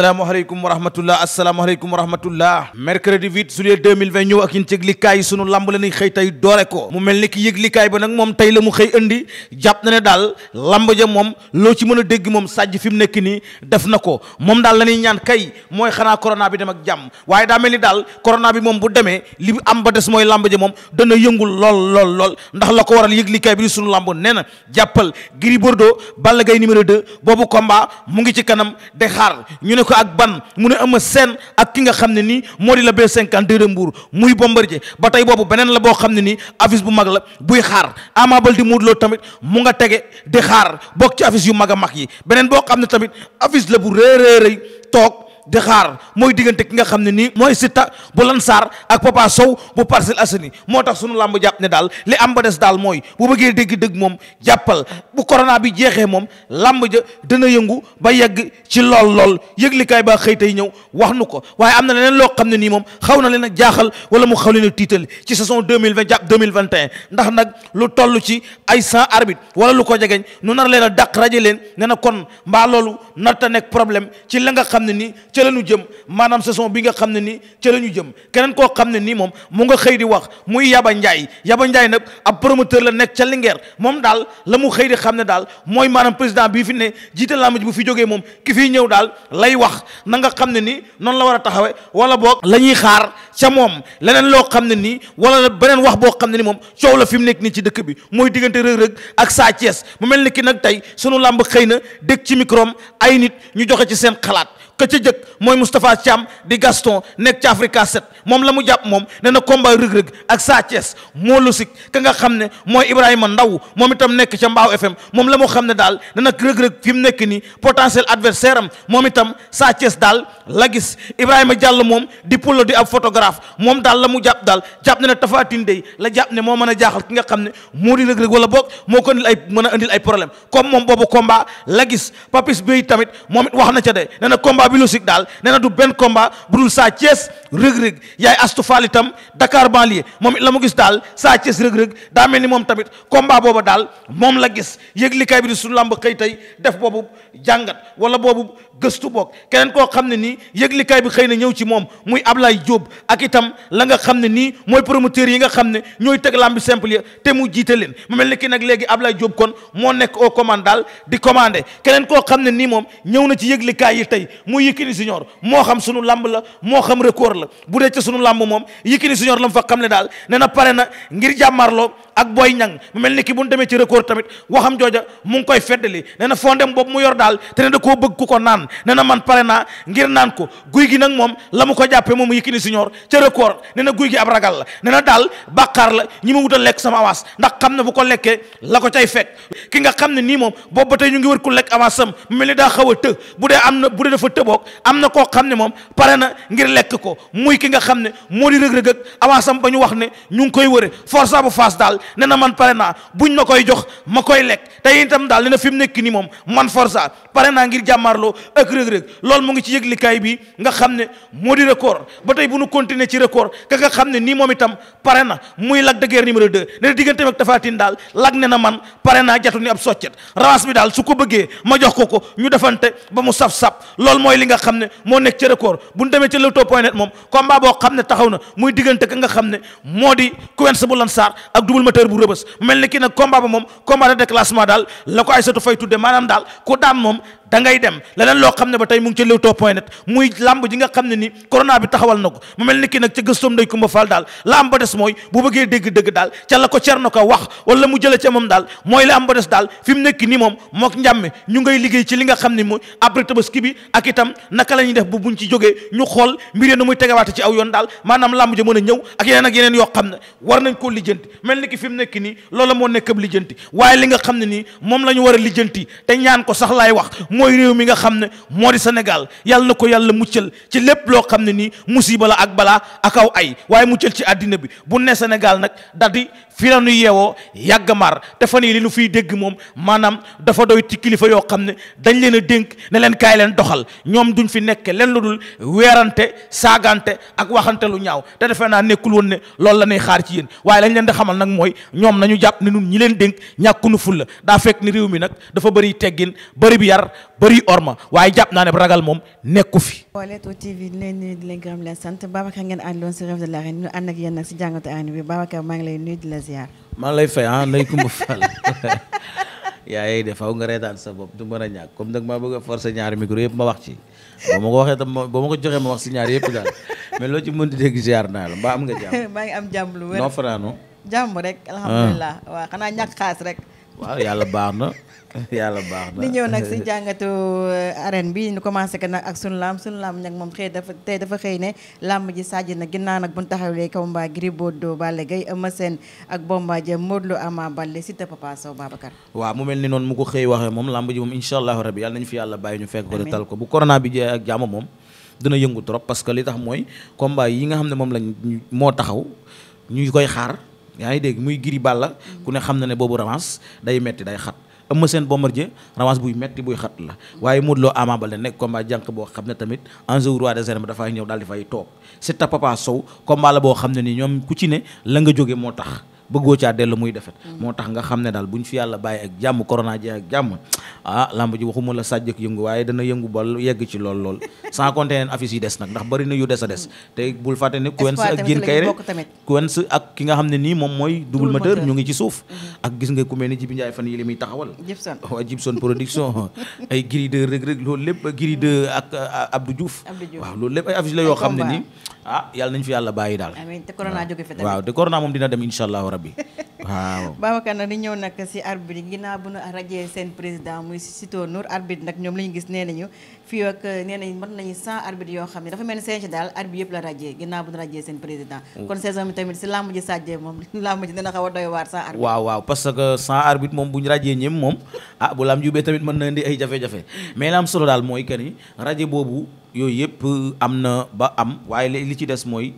asalaamaaleykum wa rahmatullah asalaamaaleykum wa rahmatullah mercredi 8 juillet 2020 ñëw ak yéen ci yëglikaay yi sunu lamb la ñuy xëy tey doore ko mu mel ni ki yëglikaay ba nag moom tey la mu xëy indi jàpp ne daal lamb ja moom loo ci mën a dégg moom sàjj fi mu nekk nii def na ko moom daal la ñuy ñaan kay mooy xanaa corona bi dem ak jàmm waaye daa mel ni daal corona bi moom bu demee li am ba des mooy lamb ja moom dana yëngu lool lool lool ndax la ko waral yëglikaay bi di sunu nee na jàppal Gris Bordeaux Balla Gaye numéro 2 boobu combat mu ngi ci kanam de xaar ko ak ban mu ne Eumeu Sène ak ki nga xam ne nii moo di la B52 de Mbour muy Bombardier ba tey boobu beneen la boo xam ne nii affiche bu mag la buy xaar Ama di mu Lô tamit mu nga tege di xaar bokk ci affiche yu mag a mag yi beneen boo xam ne tamit affiche la bu rëy rëy rëy toog di xaar mooy diggante ki nga xam ne nii mooy Siteu bu Lansar ak Papa Sow bu Parcelles Assainies moo tax sunu làmb jàpp ne daal li am ba des daal mooy bu bëggee dégg dëgg moom jàppal bu corona bi jeexee moom làmb ja dina yëngu ba yegg ci lool lool yëglikaay ba xëy tey ñëw wax nu ko waaye am na leneen loo xam ne nii moom xaw na leen a jaaxal wala mu xaw leen a tiital ci saison deux mille vingt jàpp deux mille vingt et un ndax nag lu toll ci ay cent arbitre wala lu ko jegeñ nu nar leen a dàq raje leen ne ca la jëm maanaam saison bi nga xam ne ni ca ñu jëm keneen koo xam ne nii moom mu nga xëy di wax muy Yaba Ndiaye Yaba Ndiaye nag ab promoteur la nekk ca Linguère moom daal la mu xëy di xam ne daal mooy maanaam président bii fi ne jiite làmb ji bu fi jógee moom ki fiy ñëw daal lay wax na nga xam ne ni noonu la war a taxawee wala boog la ñuy xaar ca moom leneen loo xam ne nii wala beneen wax boo xam ne ni moom coow la fi mu nekk nii ci dëkk bi mooy diggante rëg-rëg ak Sa Thiès mu mel ni ki nag tey sunu làmb xëy na dégg ci microm ay nit ñu joxe ci seen xalaat ka ca jëkk mooy Moustapha Thiam di Gaston nekk ci Africa 7 moom la mu jàpp moom ne na combat rëg-rëg ak Sa Thiès moo lu ka nga xam ne mooy Ibrahima Ndaw moom itam nekk ca Mbaaw FM moom la mu xam ne daal ne nag rëg-rëg fi mu nekk nii potentiel adversaire am moom itam Sa daal la gis Ibrahima jàll moom di pulo di ab photographe moom daal la mu jàpp daal jàpp ne na Tafatine day la jàpp ne moo mën a jaaxal ki nga xam ne moo di rëg-rëg wala boog moo ko indil mën a indil ay problème comme moom boobu combat la Papis Bey tamit moom it wax na ca de bi logique daal nee na du benn combat bu dul Sa Thiès rëg-rëg yaay Astou Fall itam dakaar banlieue moom it la mu gis daal Sa Thiès rëg-rëg daa mel ni moom tamit combat booba daal moom la gis yëglikaay bi di su làmb xëy tey def boobu jàngat wala boobu gëstu boog keneen koo xam ne nii yëglikaay bi xëy na ñëw ci moom muy Ablaye jóob ak itam la nga xam ne nii mooy promoteur yi nga xam ne ñooy teg làmb simple ya te mu jiite leen mu mel ni kii nag léegi Ablaye Diop kon moo nekk au commande daal di commandé keneen koo xam ne nii moom ñëw na ci yëglikaay yi tey muy Yékini Junior moo xam sunu lamb la moo xam record la budee dee ca sunu lamb moom Yékini Junior la mu fa xam ne daal nee na pare na ngir jàmmarloo ak Boy ñang mu mel ni kii bu ñu demee ci record tamit waxam jooja mu ngi koy feddali nee na fondem boobu mu yor daal te ne koo bëgg ku ko naan nee na man pare naa ngir naan ko guy gi nag moom la mu ko jàppee moom Yékini Senior ca record nee na guy gi ab ragal la nee na daal bàkkaar la ñi ma wutal lekk sama avance ndax xam ne bu ko lekkee la ko cay fekk ki nga xam ne nii moom boobu ba tey ñu ngi wër ku lekk avance sam mu mel ni daa xaw a të bu dee am na bu dee dafa tëboog am na koo xam ne moom pare na ngir lekk ko muy ki nga xam ne moo di rëg-rëg ak avance am ba ñu wax ne ñu ngi koy wëre force bu faas daal ne na man pare naa buñ ma koy jox ma koy lekk tey itam daal ne na fi mu nekk nii moom man forsa pare naa ngir jàmmaarloo ak rëg-rëg loolu mu ngi ci kaay bi nga xam ne moo di record ba tey bu nu continuer ci record ka nga xam ne nii moom itam pare na muy Lac de Guiers numéro 2 ne na digganteem ak Tapha daal Lac ne na man pare naa jatu ni ab soccet ramas daal su ko bëggee ma jox ko ko ñu defante ba mu saf-sap loolu mooy li nga xam ne moo nekk ca record bu ñu demee ca Leewtoo point moom combat boo xam ne taxaw na muy diggante ka nga xam ne moo di Quench promoteur bu rëbës mel ni ki nag combat ba moom combat de déclassement daal la ko Aïssatou Faye tudde maanaam daal ko daan moom da ngay dem leneen loo xam ne ba tey mu ngi ci Leewtoo point net muy làmb ji nga xam ne ni corona bi taxawal na ko mu mel ni kii nag ca gëstoom day Kumba Faal daal la am ba des mooy bu bëggee dégg-dégg daal ca la ko na ko wax wala mu jële ca moom daal mooy la am ba des daal fi mu nekk ni moom mook njàmme ñu ngay liggéey ci li nga xam ne mooy après ki bi ak itam naka la ñuy def bu buñ ci jógee ñu xool mbir nu muy tegawaate ci aw yoon daal maanaam làmb ji mën a ñëw ak yeneen yoo xam ne war nañ koo lijjanti mel ni ki fi mu nekk nii loola moo nekk ab lijjanti li nga xam ne nii moom la ñu war a lijjanti te ñaan ko sax laay wax mooy réew mi nga xam ne moo di Sénégal yàlla na ko yàlla mu cël ci lépp loo xam ne nii musiba la ak balaa ak aw ay waaye muccal ci àddina bi bu ne Sénégal nag daal fi la nu yeewoo yàgg maar te li nu fiy dégg moom maanaam dafa doy ci kilifa yoo xam ne dañ leen a dénk ne leen kaay leen doxal ñoom duñ fi nekk leen lu dul weerante saagante ak waxante lu ñaaw te defe naa nekkul woon ne loolu la ñuy xaar ci yéen waaye lañ leen di xamal nag mooy ñoom nañu jàpp ne ñun ñi leen dénk ñàkkunu fulla daa fekk ni réew mi nag dafa bëri teggin yar bëri orma waaye jàpp naa ne ragal moom nekku fi. Leewtoo TV di leen nuyu sant Babacar ngeen àndoon si revue de l'arène ñu ànd ak yéen nag si jàngatu arène bi Babacar maa ngi lay nuyu di la ziar. maa ngi lay fay ah ndey Kumba Fall. yaay de faaw nga reetaan sa bopp du mën a ñàkk comme nag maa bëgg a forcer ñaari micro yëpp ma wax ci. boo ma ko waxee tam boo ma ko joxee ma wax si ñaari yëpp daal mais loo ci mënut a dégg ziar mbaa am nga jàmm. maa ngi am jàmm lu wér. noo fanaanoo. jàmm rek waaw yàlla baax na yàlla baax na. di ñëw nag si jàngatu eh, arène bi ñu commencé que nag ak sunu laam sunu laam nag moom xëy dafa tey dafa xëy ne làmb ji sàjj na ginnaaw nag bu ñu taxawlee combat Gris Bordeaux Balla Gaye Eumeu seen ak Bombardier Modou Lô Ama Baldé Siteu Papa Sow Babacar. waaw mu mel ni noonu mu ko xëy waxee moom làmb ji moom incha allahu rabi yàlla nañu fi yàlla bàyyi ñu fekk ko tal ko bu corona bi jeex ak jàmm moom dina yëngu trop parce que li tax mooy combat yi nga xam ne moom lañ moo taxaw ñu koy xaar. yaa ngi dégg muy giri la ku ne xam na ne boobu revanche day metti day xat Eumeu Sène Bombardier revanche buy metti buy xat la waaye Modou Lo Ama Baldé nekk baa jànq boo xam ne tamit enjeu roi des arènes dafay ñëw daal di fay toog Siteu Papa Sow combat la boo xam ne ni ñoom ku ci ne la nga jóge moo tax bëggoo caa dellu muy defet mm. moo tax nga xam ne daal buñ fi yàlla bàyyi ak jàmm corona ji ak jàmm ah lamb ji waxuma la sàjjak yëngu waaye dana yëngu ba yegg ci lool lool sans compter neen affiche yi des nag ndax bëri na yu des a des mm. te bul fàtte ne Quench ak Diène Kaïré ak ki nga xam ne nii moom mooy double moteur ñu ngi ci suuf mm-hmm. ak gis nga ku mel ni Jibi Njaay fan yi li muy taxawal waa Gibson production ay giri de rek rek loolu lépp giri de ak Abdou Diouf waaw loolu lépp ay affiche yoo xam ne nii ah yàlla nañ fi yàlla bàyyi daal corona moom dina dem insha allahu rabbi bi waaw. Babacar nag di ñëw nag si arbitre ginnaaw bu nu rajee seen président muy Sitor Ndour arbitre nag ñoom la ñu gis nee nañu fii ak nee nañu mën nañu 100 arbit yoo xam ne dafa mel ni CNG daal arbitre yëpp la rajee ginnaaw bu nu rajee seen président. Mm. tamit si làmb ji sàjjee moom làmb ji dina xaw a doy waar 100 moom bu ñu rajee ñëm moom ah bu làmb jubee tamit mën na indi ay jafe mais la solo daal mooy que ni raje boobu yooyu yëpp am na ba am waaye li ci des mooy.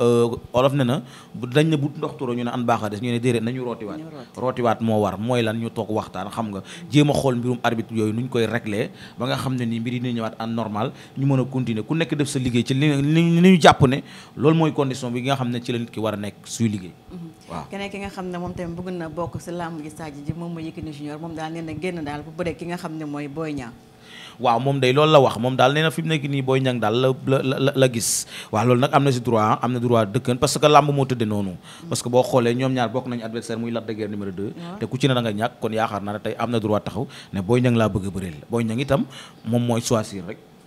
Euh, olof ne na bu dañ ne bu ndox turoo ne an baax a des ñu ne déedéet nañu rootiwaat rootiwaat moo war mooy lan ñu toog waxtaan xam nga jéem a xool mbirum arbitre yooyu nuñ koy régler ba nga xam ne nii mbir yi dina ñëwaat en normal ñu a li li ñu jàpp ne loolu mooy condition bi nga xam ne ci la nit ki war a nekk suy liggéey mm-hmm. waaw keneen ki nga xam ne moom tamit bëgg na bokk si làmb ji ji moom mooy Yékini Junior moom daal nee na génn daal bu bëree ki nga xam ne mooy Boy Niang waaw moom day loolu la wax moom daal nee na fi mu nekk nii Boy Niang daal la la la gis waaw loolu nag am na si droit am na droit dëkkan parce que làmb moo tëdde noonu parce que boo xoolee ñoom ñaar bokk nañu adversaire muy Lac de Guiers numéro 2 te ku ci ne da nga kon yaakaar naa ne tey am na droit taxaw ne Boy Niang laa bëgg a bëreel Boy itam moom mooy choisir rek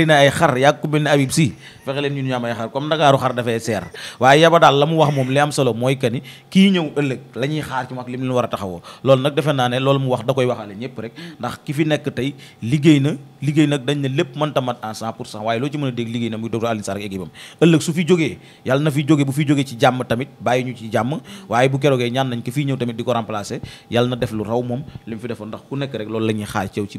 bëri na ay xar yaa ku mel ne Habib fexe leen ñun ñu am ay xar comme ndakaaru xar dafay seer waaye yaba daal la mu wax moom li am solo mooy que kii ñëw ëllëg la xaar ci mu leen war a taxawoo loolu nag defe dañ ne lépp mën ta mat en cent pour loo ci mën a dégg liggéey na muy docteur Alioune Sarr ak équipe am ëllëg na fi jógee bu fi jógee ci jàmm tamit bàyyi ñu ci jàmm waaye bu keroogee ñaan nañ ko fii ñëw tamit fi defoon ndax la ñuy xaar ci yow ci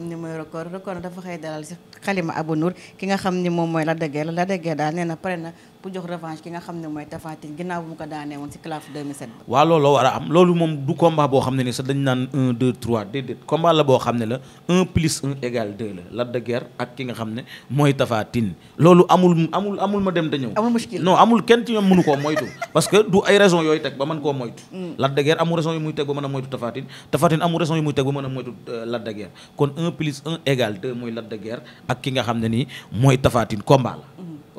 xam ne mooy record record dafa xay dalal si xalima Abou Nour ki nga xam ni moom mooy Lac de la Lac de daal nee na pare na bu jox ki nga xam ne mooy Tapha Tine ginnaaw bu mu ko daanee woon ci CLAF 2007. waaw looloo war a am loolu moom du combat boo xam ne ni sax dañ naan 1 2 3 déedéet combat la boo xam ne la 1 plus 1 égale 2 la Lac de ak ki nga xam ne mooy Tapha loolu amul amul amul ma dem te ñëw. amul muskil amul kenn ci mënu koo moytu parce que du ay raison yooyu teg ba mën koo moytu. Mm. Lac de Guiers amul raison yu muy teg a moytu Tapha Tine Tapha Tine amul raison yu muy teg euh, kon 1 plus 1 égale 2 mooy Lac de Guiers ak ki xam ne nii mooy Tapha Tine la.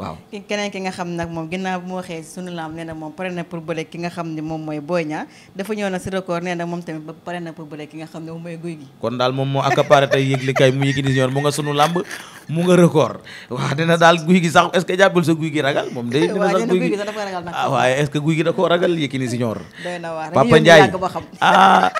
waaw keneen ki nga xam nag moom ginnaaw mu waxee sunu lamb nee moom pare na pour bëre ki nga xam ne moom mooy Boy dafa ñëw na si record nee moom tamit ba pare na pour bëre ki nga xam ne mu nga sunu lamb mu nga record waaw nee daal Gouye Gui sax est ce que jàppal sa Gouye Gui ragal moom day dina sax Gouye Gui ah waaye est ce que Gouye Gui da koo ragal Yékini Junior doy na waar Papa Ndiaye ah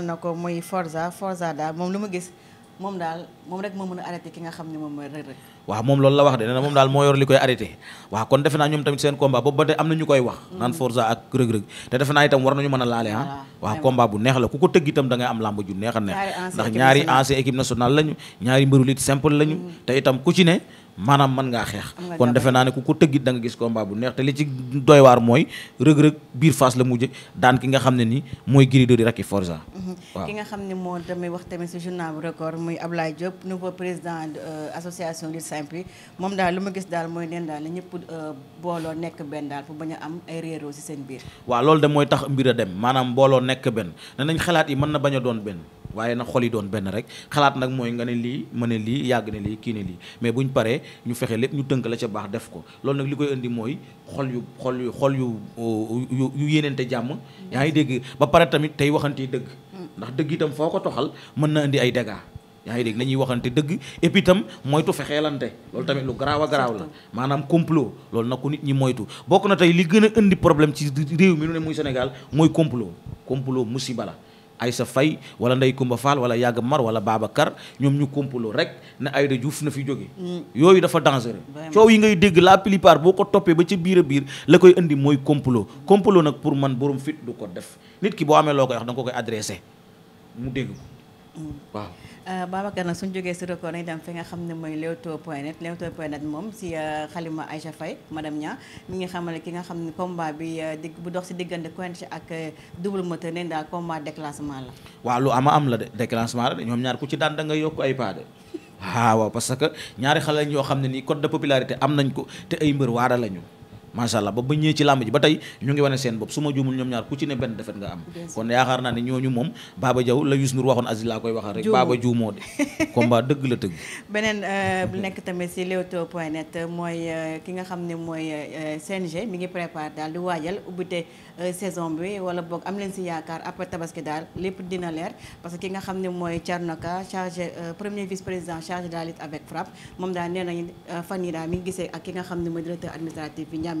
amal na ko muy Forza Forza daal moom lu ma gis moom daal moom rek moo mën a arrêté ki nga xam ne moom mooy Reug Reug waaw moom loolu la wax de nee na moom daal moo yor li koy arrêté waaw kon defe naa ñoom tamit seen combat boobu ba tey am na ñu koy wax mm-hmm. naan Forza ak Reug Reug te defe naa itam war nañu mën a laale ah waaw combat bu neex la ku ko tëgg itam da ngay am làmb ju neex a neex ndax ñaari ancien équipe nationale lañu ñaari mbiru lit simple lañu mm-hmm. te itam maanaam mën ngaa xeex kon defe naa ne ko ko tëggit da nga gis combat bu neex te li ci doy waar mooy rëg-rëg biir face la jëkk daan ki nga xam ne ni mooy Gris 2 di rakki Forza mhm. waaw ki nga xam ne moo damay wax tamit si journal bu record muy Ablaye Diop nouveau président euh, association du simple moom daal lu ma gis daal mooy neen daal la ñëpp euh, booloo nekk benn daal pour bañ a am ay réeroo si seen biir waaw loolu de mooy tax mbir dem maanaam booloo nekk benn ne xalaat yi mën na bañ a doon benn waaye nag xol yi doon benn rek xalaat nag mooy nga ne lii ma ne lii yàgg ne lii kii ne lii mais bu ñu paree ñu fexe lépp ñu tënk la ca baax def ko loolu nag li koy indi mooy xol yu xol yu xol yu yu yéenente jàmm mm. yaa ngi dégg ba pare tamit tey waxante dëgg mm. ndax dëgg itam foo ko toxal mën na indi ay dégâts yaa ngi dégg nañuy waxante dëgg et puis itam moytu fexeelante loolu tamit lu garaaw a garaaw la maanaam complot loolu nag ko nit ñi moytu bokk na tey li gën a indi problème ci réew mi nu ne muy Sénégal mooy complot complot musiba la ay sa fay wala ndey Koumba Fall wala Yàgg Mar wala Babacar ñoom ñu complot rek ne Aïda Diouf na fi jóge mm. yooyu dafa dangereux coow yi ngay dégg la plupart boo ko toppee ba ci biir a biir la koy indi mooy complot complot nag pour man boroom fit du ko def nit ki boo amee loo ko wax da ko koy adressé mu dégg ko mm. Euh, Babacar nag suñ jógee si record nañ dem fi nga xam ne mooy Leewtoo point net Leewtoo point net moom si euh, xalima Aïcha Faye madame Nia mi ngi xamal ne ki nga xam ne combat bi euh, digg bu dox si diggante Quench ak double moteur nee daal combat déclassement la waaw lu ama am la de déclassement la de ñoom ñaar ku ci daan da nga yokk ay paade waaw parce que ñaari xale lañ yoo xam ne nii code de popularité am nañ ko te ay mbër waara lañu macha allah ba ba ñëwee ci làmb ji ba tey ñu ngi wane seen bopp su ma juumul ñoom ñaar ku ci ne benn defet nga am kon yaakaar naa ne ñooñu moom Baba Jaw la Youssou Ndour waxoon Aziz laa koy waxal rek Baba juumoo de combat dëgg la tëgg beneen euh, bu nekk tamit si leewtoo point net mooy euh, ki nga xam ne mooy euh, CNG mi ngi prépare daal di waajal ubbite saison bi wala boog am leen si yaakaar après tabaski daal lépp dina leer parce que ki nga xam ne mooy Thiernoka chargé premier vice président chargé de la lutte avec frappe moom daal nee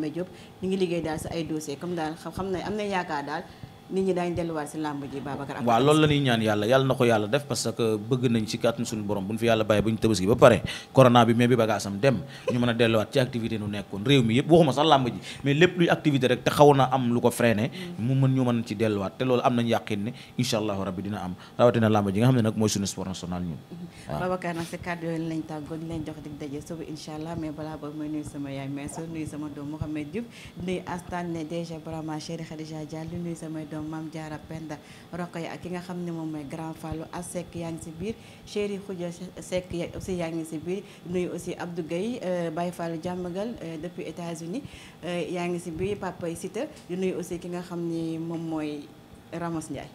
bi Mbaye Diop ñu ngi liggéey daal si ay dossier comme daal xam xam na am na yaakaar daal nit ñi daañu delluwaat si làmb ji Babacar. waaw loolu la ñuy ñaan yàlla yàlla na ko yàlla def parce que bëgg nañ si kàttan suñu borom bu ñu fi yàlla bàyyi bu ñu tëbës ba pare corona bi mais bi bagaasam dem ñu mën a delluwaat ci activité nu nekkoon réew mi yëpp waxuma sax làmb mais lépp luy activité rek te xaw na am lu ko freiné mu mën ñu mën ci delluwaat te loolu am nañ yàqin ne incha allah mais balaa boobu may nuyu sama yaay mais soo nuyu ñoom Mame Diarra Penda Rokhaya ak ki nga xam ne moom mooy Grand Fallou Asek yaa ngi si biir Chéri Khoudia Seck yaa ngi si biir nuyu aussi Abdou Gueye euh, Baye Fallou Diamagal euh, depuis États-Unis euh, yaa ngi si biir Papa Sita di nuyu aussi ki nga xam ni moom mooy Ramos Ndiaye.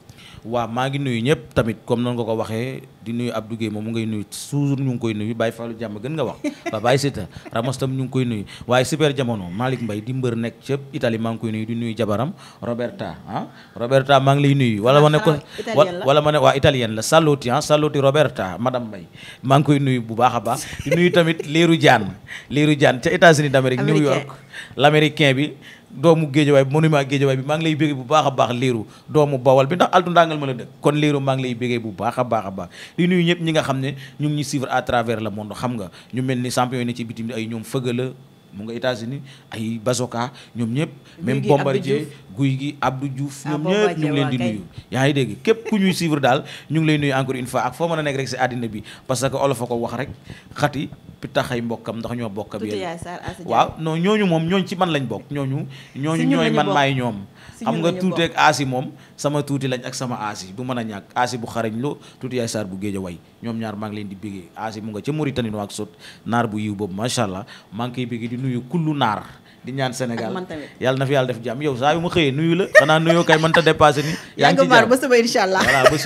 waaw maa ngi nuyu ñëpp tamit comme noonu nga ko waxee di nuyu ab Guèye moom mu ngay nuyu toujours ñu ngi koy nuyu Baye Fallou jàmm gën nga wax ba Baye Sita Ramos tam ñu ngi koy nuyu waaye super jamono Malick mbay di mbër nekk cëpp Italie maa ngi koy nuyu di nuyu jabaram Roberta ah Roberta maa ngi lay nuyu wala ma ne ko wala ma ne waa italienne la saluti ah saluti Roberta madame mbay maa ngi koy nuyu bu baax a baax di nuyu tamit Lirou Diane Lirou Diane ca États-Unis d'Amérique New l'américain bi doomu géejawaay bi monument géejawaay bi maa ngi lay béggee bu baax a baax liiru doomu bawal bi ndax altu ndaangal ma la dëkk kon liiru maa ngi lay béggee bu baax a baax a baax di nuyu ñëpp ñi nga xam ne ñu ngi ñu suivre à travers le monde xam nga ñu mel ni champion yi ne ci bitim ay ñoom fëgala mu nga États-Unis ay Bazoka ñoom ñëpp. même Bombardier guy gi Abdou Diouf. Ah, ñoom ñëpp ñu leen di nuyu. yaa ngi dégg képp ku ñuy suivre daal ñu ngi lay nuyu encore une fois ak foo mën a nekk rek si àddina bi parce que olof a ko wax rek xati pittaxay mbokkam ndax ñoo bokkam yéen. waaw non ñooñu moom ñooñu ci man lañ bokk ñooñu. ñooñu ñooy man maay ñoom. xam nga tuuti ak aasi moom sama tuuti lañ ak sama aasi bu mën a ñàkk aasi bu xarañ loo tuuti yaay saar bu géej way ñoom ñaar maa leen di bégee aasi mu nga ca Mauritanie ak sot naar bu yiw boobu macha allah maa ngi koy di nuyu kullu naar di ñaan Sénégal yàlla na fi yàlla def jàmm yow saa yu ma xëyee nuyu la xanaa nuyoo kay mën ta dépassé ni ci jàmm ba suba incha